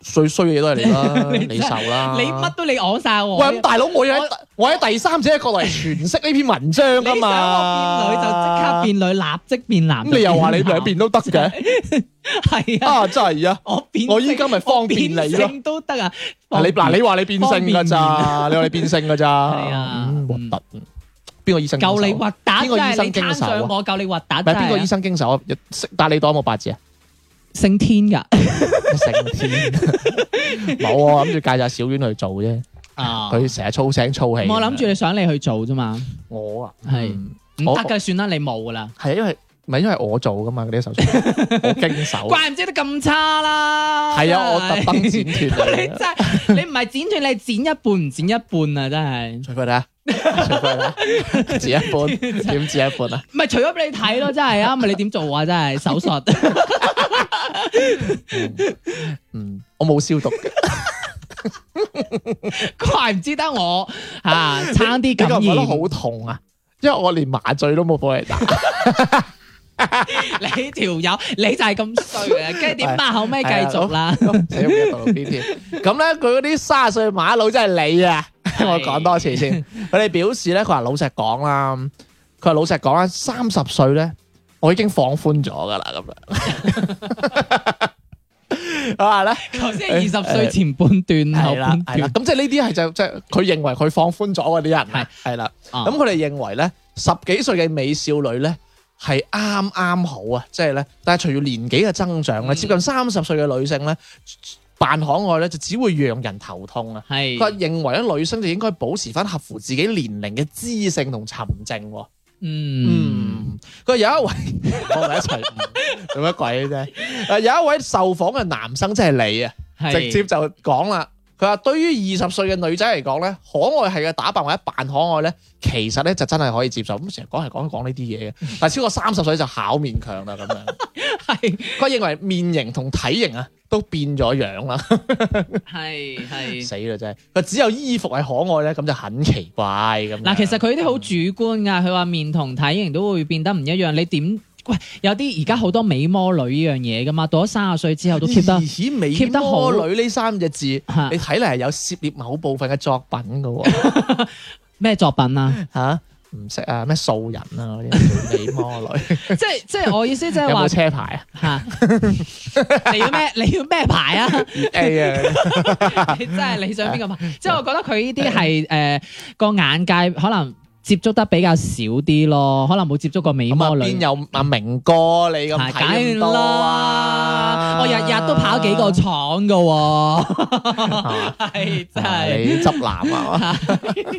S1: 最衰嘅嘢都係你啦，你受啦，你乜都你昂晒喎。喂，咁大佬我要喺我喺第三者角度嚟詮釋呢篇文章噶嘛，想變女就即刻變女，立即變男，咁你又話你兩邊都得嘅，係啊，真係啊，我變我依家咪方便你咯，變性
S2: 都得啊，你嗱你話你變性噶咋，你話你變
S1: 性噶咋，係啊，核突。邊個醫生救你核彈真係你攤上我
S2: 救你核彈真係邊個醫生
S1: 經手啊？識打你多冇八字啊？
S2: 姓天噶姓天
S1: 冇啊！諗住介紹小娟去做啫，佢成日粗聲粗氣。我諗住你想你去做啫嘛。我啊係唔得嘅，算啦，你冇噶啦。係啊，因為唔係因為我做噶嘛，嗰啲手術我經手。怪
S2: 唔之得咁差啦。係啊，我特登剪斷。你真係你唔係剪斷，你剪一半唔剪一半啊！真係。除非啲啊！除非啦，只一半點只一半啊？唔係除咗俾你睇咯，啊，真係啊！唔係你點做啊？真係手術、 [laughs] [laughs] 嗯，嗯，
S1: 我冇消毒嘅，
S2: [laughs] 怪唔知得我
S1: 啊，差啲感染。好痛啊！因為我連麻醉都冇幫你打。 [laughs] [laughs] 你條友你就係咁衰啊！跟住點啊？後屘繼續啦。咁咧， [laughs] 佢嗰啲三十歲馬老真係你啊！ [laughs] 我講多次先，佢 [laughs] 哋表示咧，佢話老實講啦，佢話老實講啦，三十歲咧，我已經放寬咗噶啦，咁 [laughs] 啦呢。我話咧，頭先二十歲前半段後半段，咁即係呢啲係就即係佢認為佢放寬咗嗰啲人係係啦。咁佢哋認為咧，十幾歲嘅美少女咧。財富財富 [laughs] 係啱啱好啊，即係咧，但係隨住年紀嘅增長咧，嗯、接近三十歲嘅女性咧，扮可愛咧就只會讓人頭痛啊。係佢是認為咧，女生就應該保持翻合乎自己年齡嘅知性同沉靜。嗯佢、
S2: 嗯、
S1: 有一位坐埋一齊做乜鬼啫？啊， [laughs] [laughs] [laughs] 有一位受訪嘅男生即係你啊，是直接就講啦。佢話：對於二十歲嘅女仔嚟講咧，可愛係嘅打扮或者扮可愛咧，其實咧就真係可以接受。咁成日講係講一講呢啲嘢嘅，但超過三十歲就考面強考勉強啦咁樣。係佢 [laughs] 是認為面型同體型啊都變咗樣啦。係 [laughs] 係死啦真係，佢只有衣服係可愛咧，咁就很奇怪咁。嗱，其
S2: 實佢啲好主觀㗎，佢話、嗯、面同體型都會變得唔一樣，你點？喂，有啲而家好多美魔女呢樣嘢噶嘛？到咗三十歲之後都 keep 得 keep 得好。咦咦，美魔女
S1: 呢三隻字，啊、你睇嚟，係有涉獵某部分嘅作品噶，啊。咩作品啊？吓，唔識啊？咩，啊、素人啊？嗰啲美魔
S2: 女， [laughs] 即係即係我意思即係話車牌啊？吓，啊，你要咩？你要咩牌啊？
S1: 誒、 [laughs] 哎哎哎， [laughs] 真
S2: 係你想邊個牌？啊、哎哎哎即係我覺得佢呢啲係誒個眼界可能。接觸得比較少啲咯，可能冇接觸過美
S1: 魔女。邊有阿明哥你咁睇得我日日都跑幾個廠噶，
S4: 係真係你執男啊！
S1: 咁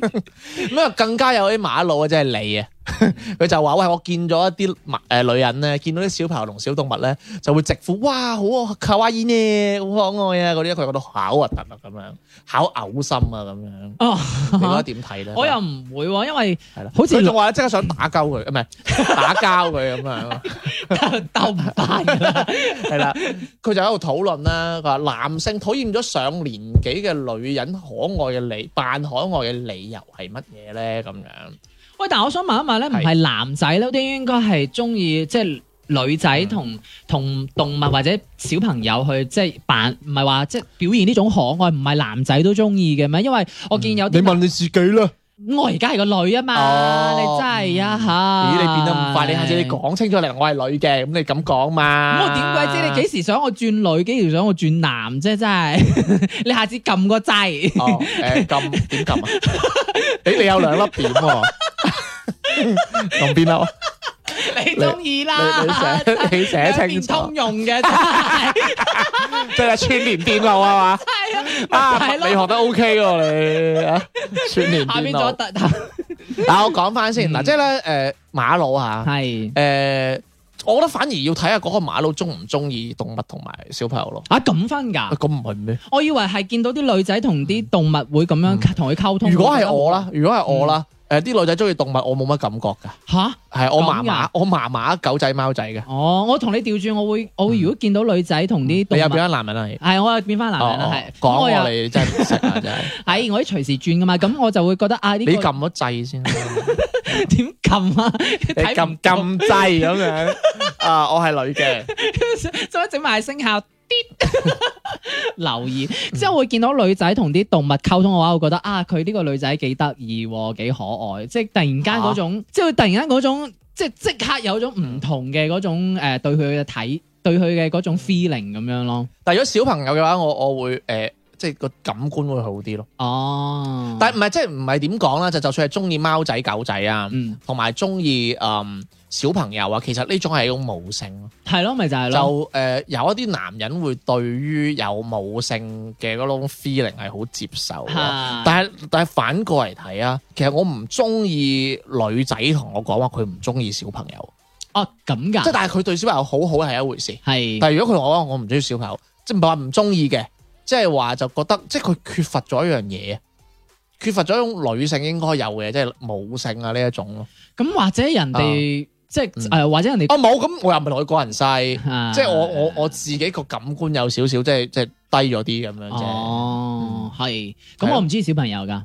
S1: [laughs] 的啊， [laughs] 更加有啲馬路啊，真係你啊！佢就話：喂，我見咗一啲誒女人咧，見到啲小朋友同小動物咧，就會直呼：哇，好啊，卡哇伊呢，好可愛啊！嗰啲佢覺得好核突啊，咁樣好嘔心啊，咁樣。樣 [laughs] 你覺得點睇咧？ [laughs] 我又唔會，因為係啦，好似佢仲話即刻想打鳩佢，唔係 [laughs] 打鳩佢咁樣斗唔翻啦，係 [laughs] 啦。 [laughs] [laughs] 佢就喺度討論啦，佢話男性討厭咗上年紀嘅女人可愛嘅理扮可愛嘅理由係乜嘢咧？咁樣，
S2: 喂，但係我想問一問咧，唔係男仔咧，啲是應該係中意即係女仔同同動物或者小朋友去即係、就是、扮，唔係話即係表現呢種可愛，唔係男仔都中意嘅咩？因為我見有、嗯、你問你自己啦。我而家係個女啊，嘛，哦、你真係呀吓！啊、咦，你變得咁快？你下次你講清楚嚟，我係女嘅，咁你咁講嘛？我點鬼知你幾時想我轉女，幾時想我轉男啫？真係，你下次撳個掣哦，
S1: 誒、呃，撳點撳啊？誒、 [laughs] 欸，你有兩粒點喎、啊？用邊粒啊？ [laughs] 你
S2: 中意啦，你寫，
S1: 你寫清通
S2: 用嘅真
S1: 即係串聯電路啊嘛，係啊，啊，你學得 OK 喎，你串聯電路，嗱 [laughs] [laughs] [laughs] 我講翻先嗱，即係咧誒馬佬嚇係誒。是呃我覺得反而要睇下嗰個馬騮中唔中意動物同埋小朋友咯。啊，咁分㗎？咁唔係咩？
S2: 我以為係見到啲女仔同啲動物會咁樣同佢溝通。如果係我啦，
S1: 如果係我啦，誒啲女仔中意動物，我冇乜感覺㗎。吓？係我麻麻，我麻麻狗仔貓仔嘅。哦，
S2: 我同你調轉，我會我如果見到女仔同啲你又變翻男人啦，係。我又變翻男人啦，係。講我你真係唔識啊，真係。係，我可以隨時轉㗎嘛，咁我就會覺得啊，啲。你撳
S1: 咗掣先。點撳啊？你撳撳掣咁樣 [laughs] 啊？我係女嘅，
S2: 再整埋聲效，留意之後、嗯、會見到女仔同啲動物溝通嘅話，會覺得啊，佢呢個女仔幾得意，幾可愛，即係突然間嗰種，啊、種，即係會突然間嗰種，即係即刻有種唔同嘅嗰種誒，嗯、對佢嘅睇，對佢嘅嗰種 feeling 咁樣咯。
S1: 但係如果小朋友嘅話，我我會誒。呃即係個感官會好啲咯。哦，但係唔係即係唔係點講啦？就就算係中意貓仔狗仔啊，同埋中意誒小朋友啊，其實呢種係一種母性咯。係咯，咪就係咯。就誒、是呃、有一啲男人會對於有母性嘅嗰種 feeling 係好接受的但。但係但係反過嚟睇啊，其實我唔中意女仔同我講話佢唔中意小朋友。哦，咁噶？即係但係佢對小朋友好好係一回事。係的。但係如果佢同我講話我唔中意小朋友，即係唔係話唔中意嘅。即係話就覺得，即係佢缺乏咗一樣嘢，缺乏咗一種女性應該有嘅，即係母性啊呢一種咯。
S2: 咁或者人哋
S1: 即係誒，或者人哋哦冇咁，我又唔係同佢個人嘥，即係我我我自己個感官有少少，即係即係低咗啲咁樣啫。哦、啊，係、嗯，咁我唔中意小朋友噶。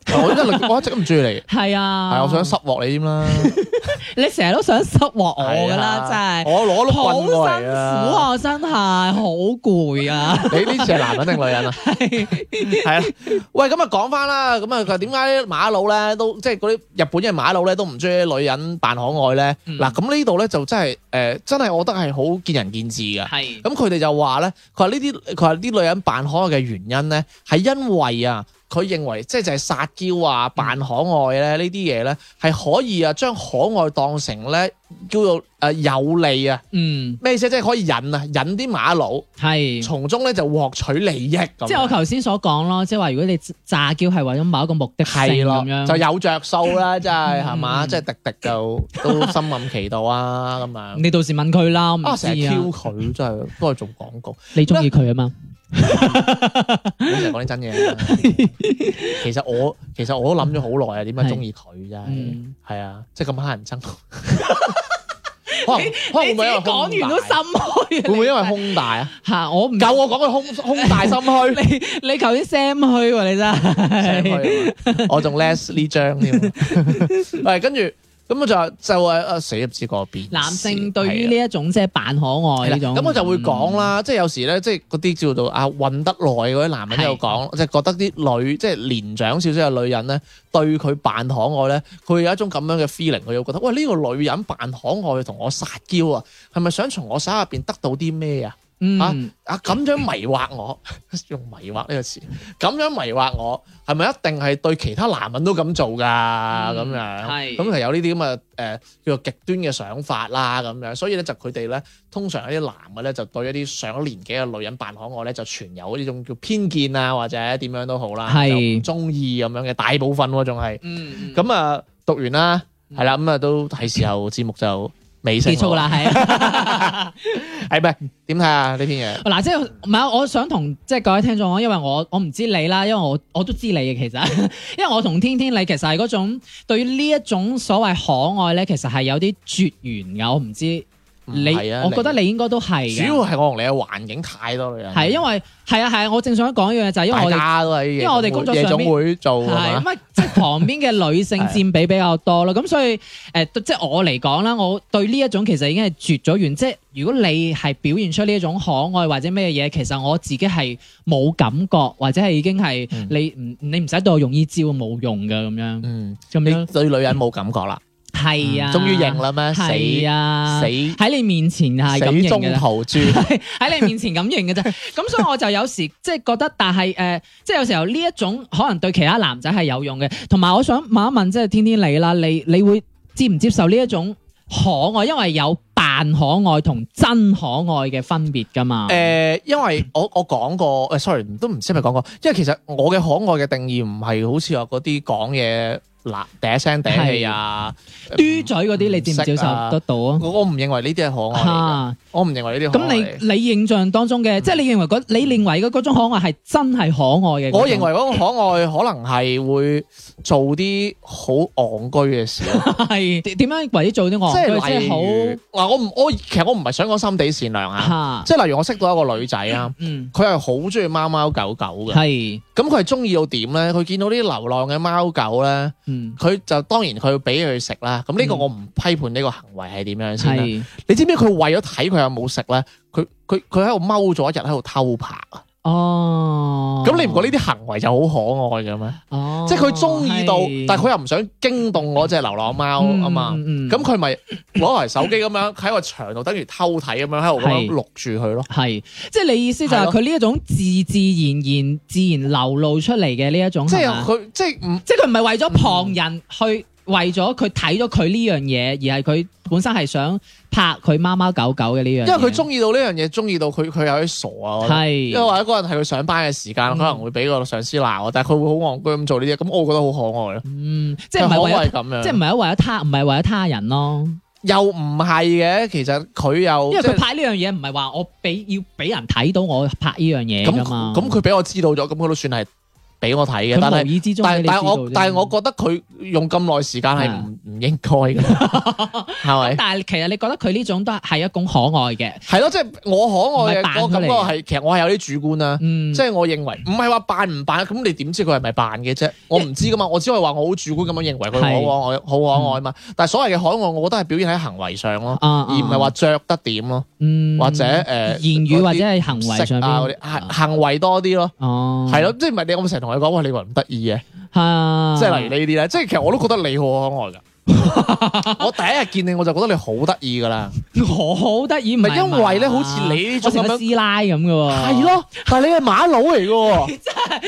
S1: [laughs] 我一直都唔中意你，
S2: 係啊，係我
S1: 想濕鑊你添啦？
S2: [laughs] [laughs] 你成日都想
S1: 濕鑊我噶啦，真係、啊。我攞到好辛苦好啊，真係好攰啊！你呢次係男人定女人啊？係是 [laughs] 啊，喂，咁啊講翻啦，咁啊點解馬佬咧都即係嗰啲日本嘅馬佬咧都唔中意女人扮可愛咧？嗱、嗯，咁呢度咧就真係誒、呃，真係我覺得係好見仁見智嘅。係咁是，佢哋就話咧，佢話呢啲佢話啲女人扮可愛嘅原因咧，係因為啊。佢認為即係就係撒嬌啊，扮可愛咧，呢啲嘢咧係可以啊，將可愛當成咧叫做誒有利啊，嗯，咩意思？即係可以引啊，引啲馬騮，係是從中咧就獲取利益咁。即係我頭
S2: 先所講咯，即係話如果你詐嬌係為咗某一個目
S1: 的，係咯，就有着數啦，真係係嘛？即係滴滴就都深諳其道啊，咁樣 [laughs] 你到時問佢啦。我啊，成日佢真係都係做廣告， [laughs] 你中意佢啊嘛？你成日講啲真嘢，其實我其實我都諗咗好耐啊，點解中意佢真係？係啊的，即係咁黑人憎，可可 [laughs] 你 [laughs] 會唔會、啊、會，會因為講完都心虛？會唔會因為胸大啊？吓，我唔夠我講個胸胸大心虛， [laughs] 你你求啲聲虛喎，你真係， [laughs] 我仲 less 呢張添，喂，跟住。咁我就就誒誒、啊，死唔知改變。男
S2: 性對於呢一種即係扮可愛呢種，咁我就會講啦、
S1: 嗯，即係有時咧，即係嗰啲叫做啊混得耐嗰啲男人都有講，即係覺得啲女即係年長少少嘅女人咧，對佢扮可愛咧，佢有一種咁樣嘅 feeling，佢又覺得，喂，呢、呢個女人扮可愛同我撒嬌啊，係咪想從我手入邊得到啲咩啊？嗯啊啊咁樣迷惑我，用迷惑呢個詞，咁樣迷惑我，係咪一定係對其他男人都咁做噶？咁、嗯、樣，係咁係有呢啲咁嘅，誒、呃、叫做極端嘅想法啦，咁樣，所以咧就佢哋咧，通常有啲男嘅咧就對一啲上年紀嘅女人扮可愛咧就存有呢種叫偏見啊，或者點樣都好啦，係唔中意咁樣嘅，大部分仲、啊、係，嗯，咁啊、嗯、讀完啦，係啦、嗯，咁啊都係時候節目就。 [laughs] 美結束啦，係啊，係咪點睇啊？呢篇嘢嗱， [laughs] 即係
S2: 唔係我想同即係各位聽眾講，因為我我唔知你啦，因為我我都知你嘅其實，因為我同天天你其實係嗰種對呢一種所謂可愛咧，其實係有啲絕
S1: 緣噶，我唔知。你，啊、我覺得你應
S2: 該都係。主要係
S1: 我同你嘅環境太多女人。係的因
S2: 為，係啊係啊，我正想講一樣嘢，就係因為因為我哋工作上邊做係，咁啊即係旁邊嘅女性佔比比較多啦。咁 [laughs] 的所以誒、呃，即係我嚟講啦，我對呢一種其實已經係絕咗緣。即係如果你係表現出呢一種可愛或者咩嘢，其實我自己係冇感覺或者係已經係你唔、嗯、你唔使對我用呢招，冇用㗎咁樣。嗯，咁樣你對女人冇感覺啦。係啊，終於認啦咩？死啊，死喺死你面前啊，死中途豬喺你面前咁認嘅啫。咁 [laughs] 所以我就有時即係、就是、覺得，但係誒，即、呃、係、就是、有時候呢一種可能對其他男仔係有用嘅。同埋我想問一問，即、就、係、是、天天你啦，你你會接唔接受呢一種可愛？因為有扮可愛同真可愛嘅分別噶嘛？誒、
S1: 呃，因為我我講過誒 [laughs] ，sorry，都唔知係咪講過。因為其實我嘅可愛嘅定義唔係好似話嗰啲講嘢。嗱，嗲聲嗲氣啊，嘟嘴嗰啲，你點接受得到啊？我唔認為呢啲係可愛嘅。我唔認為呢啲咁你你印
S2: 象當中嘅，即係你認為嗰你認為嗰種可愛係真係可愛嘅。我認為嗰種
S1: 可愛可能係會做啲好戇居嘅事。係點樣為咗做啲戇居？即係好。嗱，我唔我其實我唔係想講心地善良嚇。即係例如我識到一個女仔啊，嗯，佢係好中意貓貓狗狗嘅。係咁，佢係中意到點咧？佢見到啲流浪嘅貓狗咧。嗯，佢就當然佢要畀佢食啦，咁呢個我唔批判呢個行為係點樣先。嗯，你知唔知佢為咗睇佢有冇食咧？佢佢佢喺度踎咗一日喺度偷拍。哦，咁你唔覺呢啲行為就好可愛嘅咩？哦，即係佢中意到，是但係佢又唔想驚動嗰隻流浪貓啊嘛。咁佢咪攞埋手機咁樣喺、嗯、個牆度，等於 [laughs] 偷睇咁樣喺度咁樣錄住佢咯。係，即係你意思就係佢呢
S2: 一種自自然然、自然流露出嚟嘅呢一種，即係佢即係唔即係佢唔係為咗旁人去、嗯。為咗佢睇咗佢呢樣嘢，而係佢本身係
S1: 想拍佢貓貓狗狗嘅呢樣。因為佢中意到呢樣嘢，中意到佢佢有啲傻啊。係是，因為話一個人係佢上班嘅時間，嗯、可能會俾個上司鬧我，但係佢會好戇居咁做呢啲，咁我覺得好可愛咯。嗯，即係唔係為咁樣，即係唔
S2: 係為咗他，唔係為咗他人咯。又唔
S1: 係嘅，其實佢又因為佢拍
S2: 呢樣嘢，唔係話我俾要俾人
S1: 睇到我拍呢樣嘢噶嘛。咁佢俾我知道咗，咁佢都算係。嗯俾我睇嘅，但係但係我但係我覺得佢用咁耐時間係唔唔應該嘅，係咪？
S2: 但係其實你覺得佢呢種都係一種可愛
S1: 嘅，係咯，即係我可愛嘅，我感覺係其實我係有啲主觀啦，即係我認為唔係話扮唔扮，咁你點知佢係咪扮嘅啫？我唔知噶嘛，我只係話我好主觀咁樣認為佢好可愛，可愛好可愛啊嘛！但係所謂嘅可愛，我覺得係表現喺行為上咯，而唔係話着得點咯，或者誒言語或者係行為行為多啲咯，哦，係咯，即係唔係你我成日同。我講我係你話唔得意嘅，
S2: 係啊，即係例如
S1: 呢啲咧，即係其實我都覺得你好可愛噶。我第一日見你，我就覺得你好得意噶啦。
S2: 我好得意，唔係因為咧，好似你呢種師奶咁噶。係咯，
S1: 但係你係馬佬嚟噶，真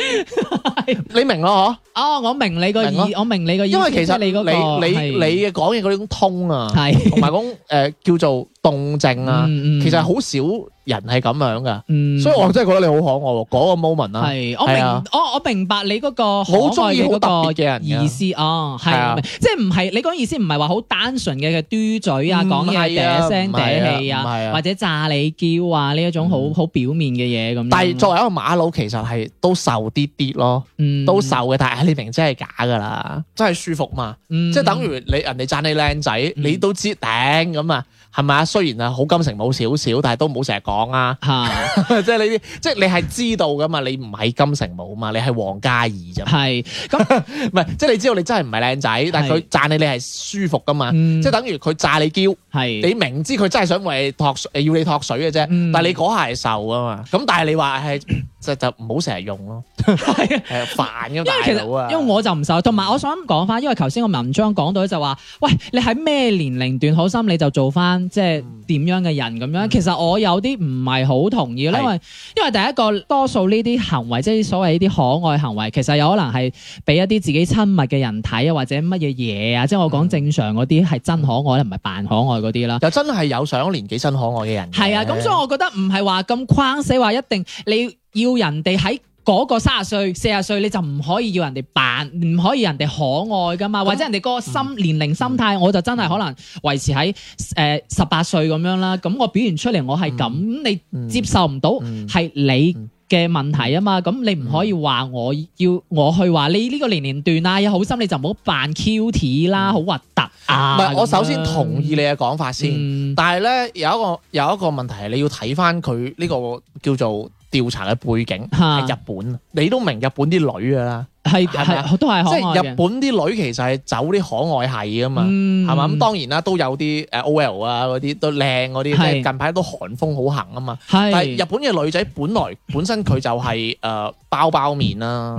S1: 係。你明啦哦，我明你個意，我明你個意思。因為其實你嗰個你你嘅講嘢嗰種通啊，同埋嗰種誒叫做動靜啊，其實好少。人係咁樣噶，所以我真係覺得你好可愛喎。嗰個 moment 啊，係我明，
S2: 我我明白你嗰個好中意好特別嘅人嘅意思哦，係即係唔係你嗰意思唔係話好單純嘅嘅嘟嘴啊，講嘢嗲聲嗲氣啊，或者詐你嬌啊呢一種好好表面嘅嘢咁。
S1: 但係作為一個馬佬，其實係都瘦啲啲咯，都瘦嘅。但係你明真係假㗎啦，真係舒服嘛，即係等於你人哋讚你靚仔，你都知頂咁啊，係咪啊？雖然啊，好金城冇少少，但係都冇成日講。講啊，即係呢啲，即係你係知道噶嘛，你唔係金城武嘛？你係王嘉爾啫。係咁，唔係即係你知道你真係唔係靚仔，但係佢讚你你係舒服噶嘛？即係等於佢炸你嬌，係你明知佢真係想為你托水，要你托水嘅啫。但係你嗰下係受啊嘛。咁但係你話係就就唔好成日用咯，係啊，煩咁大佬啊。因
S2: 為我就唔受，同埋我想講翻，因為頭先個文章講到就話，喂，你喺咩年齡段，好心你就做翻即係點樣嘅人咁樣。其實我有啲。唔係好同意，因為是因為第一個，多數呢啲行為，即係所謂呢啲可愛行為，其實有可能係俾一啲自己親密嘅人睇，或者乜嘢嘢啊，即係我講正常嗰啲係真可愛，唔係扮可愛嗰啲
S1: 啦。就真係有上年紀真可愛嘅人。係啊，咁的、嗯、所以我
S2: 覺得唔係話咁框死，話一定你要人哋喺。嗰個三十歲、四十歲你就唔可以要人哋扮，唔可以人哋可愛噶嘛，或者人哋嗰個心、嗯、年齡、心態，嗯、我就真係可能維持喺誒十八歲咁樣啦。咁我表現出嚟我係咁，嗯、你接受唔到係你嘅問題啊嘛。咁、嗯、你唔可以話我要我去話、嗯、你呢個年齡段，
S1: 有好心你就唔好扮 cute 啦，好核突啊！唔係、嗯，我首先同意你嘅講法先，嗯、但係咧有一個有一個問題係你要睇翻佢呢個叫做。調查嘅背景係日本，你都明日本啲女㗎喇。係係都係，即係日本啲女其實係走啲可愛係噶嘛，係嘛，咁當然啦，都有啲誒 O L 啊嗰啲都靚嗰啲，近排都韓風好行啊嘛。但係日本嘅女仔本來本身佢就係誒包包面啦，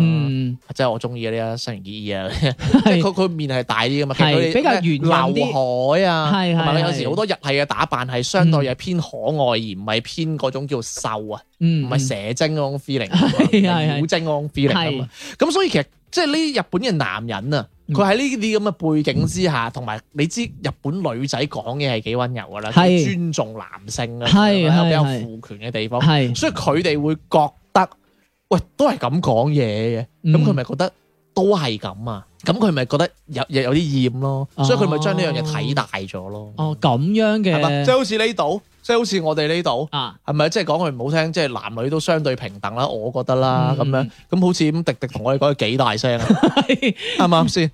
S1: 即係我中意嗰啲啊，新垣結衣啊，即係佢佢面係大啲噶嘛，係比較圓劉海啊，係係，有時好多日係嘅打扮係相對係偏可愛而唔係偏嗰種叫瘦啊，唔係蛇精嗰種 feeling，古精嗰種 feeling 咁所以。即係呢啲日本嘅男人啊，佢喺呢啲咁嘅背景之下，同埋、嗯、你知日本女仔講嘢係幾溫柔噶啦，是尊重男性啊，係比較父權嘅地方，所以佢哋會覺得，喂，都係咁講嘢嘅，咁佢咪覺得都係咁啊？咁佢咪覺得有又有啲厭咯，所以佢咪將呢樣嘢睇大咗咯、哦。哦，咁樣嘅，即係、就是、好似呢度，即係好似我哋呢度，係咪即係講句唔好聽，即係男女都相對平等啦，我覺得啦，咁、嗯、樣咁好似咁滴滴同我哋講幾大聲啊，係咪先？
S2: [laughs] 錯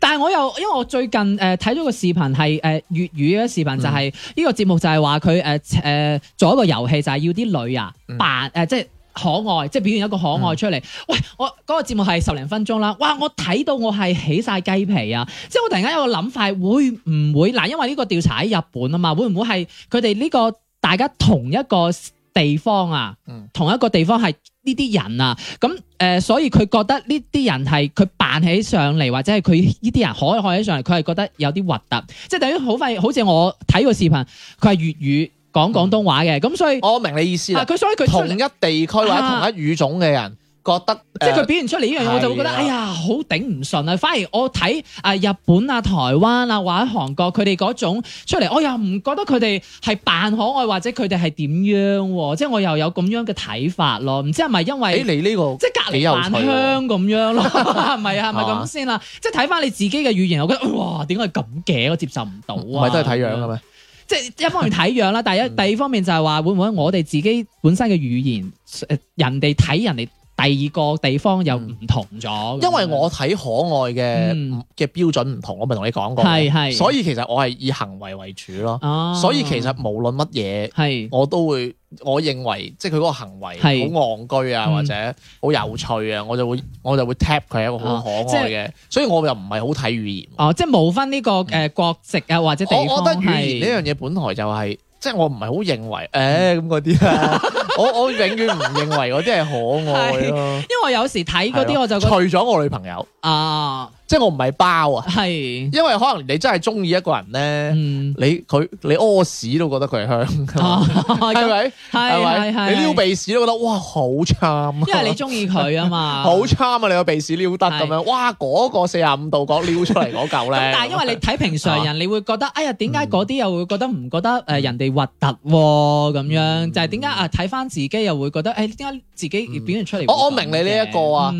S2: 但係我又因為我最近誒睇咗個視頻係誒、呃、粵語嘅視頻、就是，就係呢個節目就係話佢誒誒做一個遊戲就，就係要啲女啊扮誒即係。呃呃呃呃呃呃可愛，即係表現一個可愛出嚟。嗯、喂，我嗰、嗰個節目係十零分鐘啦。哇，我睇到我係起晒雞皮啊！即係我突然間有個諗法，會唔會嗱？因為呢個調查喺日本啊嘛，會唔會係佢哋呢個大家同一個地方啊？嗯、同一個地方係呢啲人啊？咁、嗯、誒、呃，所以佢覺得呢啲人係佢扮起上嚟，或者係佢呢啲人可以可起上嚟，佢係覺得有啲核突。即係等於好快，好似我睇個視頻，佢係粵語。講廣東話嘅，咁所以我明你意思啦。佢、啊、所以佢同一地
S1: 區或者同一語種嘅人，覺得即係佢表現出嚟呢樣嘢，我、啊、就會覺得哎呀
S2: 好頂唔順啊！反而我睇誒日本啊、台灣啊或者韓國，佢哋嗰種出嚟，我又唔覺得佢哋係扮可愛或者佢哋係點樣、啊，即、就、係、是、我又有咁樣嘅睇法咯。唔知係咪因為誒、欸、你呢個即係隔籬飯香咁樣咯？唔係 [laughs] [laughs] 啊，係咪咁先啦、啊？啊、即係睇翻你自己嘅語言，我覺得哇，點解咁嘅，我接受唔到啊！咪都係睇樣嘅咩？ [laughs] 即一方面睇樣啦，但一第二方面就係話，會唔會我哋自己本身嘅語言誒，人哋睇人哋。第二個地方又唔同咗，因為
S1: 我睇可愛嘅嘅標準唔同，我咪同你講過，所以其實我係以行為為主咯。所以其實無論乜嘢，我都會，我認為即係佢嗰個行為好戇居啊，或者好有趣啊，我就會我就會 tap 佢係一個好可愛嘅，所以我又唔係好睇語言。哦，即係冇分呢個誒國籍啊或者地方。我覺得語言呢樣嘢本來就係。即係我唔係好認為，誒咁嗰啲啦，啊、 [laughs] 我我永遠唔認為嗰啲係可愛咯。 [laughs] 因為
S2: 我有時睇嗰啲我就覺
S1: 得，除咗我女朋友啊。即係我唔係包啊，係因為可能你真係中意一個人咧，你佢你屙屎都覺得佢係香，係咪？係係你撩鼻屎都覺得哇好差！因為你中意佢啊嘛。好差！啊！你個鼻屎撩得咁樣，哇嗰個四十五度角撩出嚟嗰嚿咧。但係因為
S2: 你睇平常人，你會覺得哎呀點解嗰啲又會覺得唔覺得誒人哋核突喎咁樣？就係點解啊？睇翻自己又會覺得誒點解自己表現出嚟？我明你呢一個啊，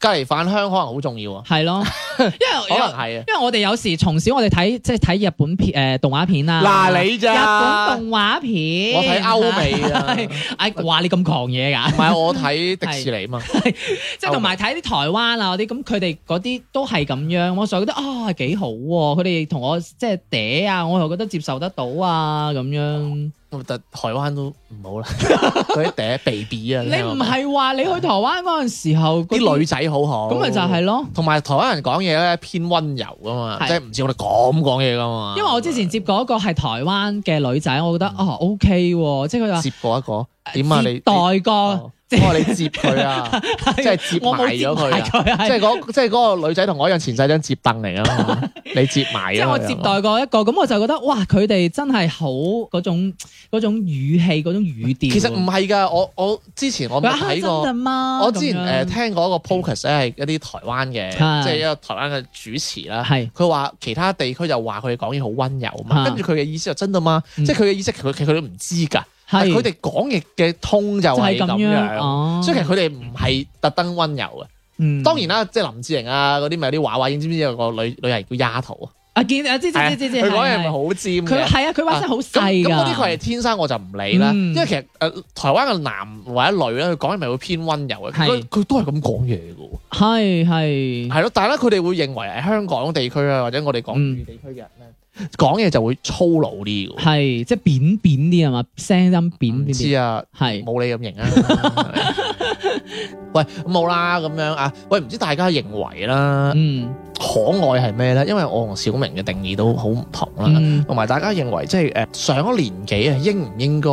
S2: 隔離飯香可能好重要啊。係咯。
S1: [laughs] 因為有可能係
S2: 啊，因為我哋有時從小我哋睇即係睇日本片誒、呃、動畫片啊。嗱你咋？日本動畫片，啊、我睇歐美啊！ [laughs] 哎話哇 [laughs] 你咁狂嘢㗎，啊？唔係我睇迪士尼啊
S1: 嘛，
S2: [laughs] 即係同埋睇啲台灣啊嗰啲，咁佢哋嗰啲都係咁樣。我仲覺得啊，係幾好。佢哋同我即係嗲啊，我又覺得接受得
S1: 到啊咁樣。 [laughs] 我覺得台灣都唔好啦，佢啲嗲 baby 啊！你唔係
S2: 話你去台灣嗰陣時候啲、 [laughs] 那個、女
S1: 仔好好，咁咪就係咯。同埋台灣人講嘢咧偏溫柔噶嘛，是即係唔似我哋咁講嘢噶嘛。因為我之前接過一個係台
S2: 灣嘅女仔，我覺得、嗯、哦 OK，即係佢話接
S1: 過一個點啊你代過。我你接佢啊，即係接埋咗佢，即係嗰即係嗰個女仔同我一樣前世張接凳嚟啊嘛，你接埋。即係我接待過一個，咁我就覺得哇，佢哋
S2: 真係好嗰種嗰種語氣，嗰種語調。其實唔係噶，我我
S1: 之前我咪睇過。我之前誒聽過一個 focus 咧，係一啲台灣嘅，即係一個台灣嘅主持啦。係佢話其他地區就話佢哋講嘢好温柔啊嘛，跟住佢嘅意思就真㗎嘛，即係佢嘅意思，佢佢佢都唔知噶。但佢哋講嘢嘅通就係咁樣，樣哦、所以其實佢哋唔係特登温柔嘅。嗯、當然啦，即係林志玲啊嗰啲咪有啲話話，你知唔知有個女女人叫丫頭啊？啊
S2: 見啊知知知知知，佢講嘢係咪好
S1: 尖？佢係啊，佢話、啊、話聲好細㗎。咁嗰啲佢係天生，我就唔理啦。嗯、因為其實誒、呃，台灣嘅男或者女咧，佢講嘢咪會偏温柔嘅。佢佢是都係咁講嘢嘅喎。係係係咯，但係咧佢哋會認為係香港地區啊，或者我哋講粵語地區嘅人咧。嗯講嘢就會粗魯啲，
S2: 係即係扁扁啲啊嘛，聲音扁啲。唔知啊，係冇你咁型啊。
S1: 喂，咁冇啦咁樣啊。喂，唔知大家認為啦。嗯。可愛係咩咧？因為我同小明嘅定義都好唔同啦。同埋、嗯、大家認為即係誒上咗年紀啊，應唔應該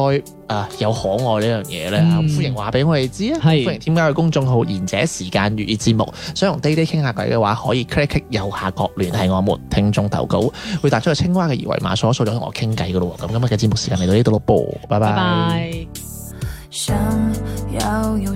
S1: 啊、呃、有可愛呢樣嘢咧？嗯、歡迎話俾我哋知啊！嗯、歡迎添加嘅公眾號《賢者時間粵語節目》是。想同 Daddy 傾下偈嘅話，可以 click, click, click 右下角聯繫我哋。末聽眾投稿會帶出個青蛙嘅二維碼，掃一掃同我傾偈噶咯。咁今日嘅節目時間嚟到呢度咯，播，拜拜。
S3: 拜拜想要有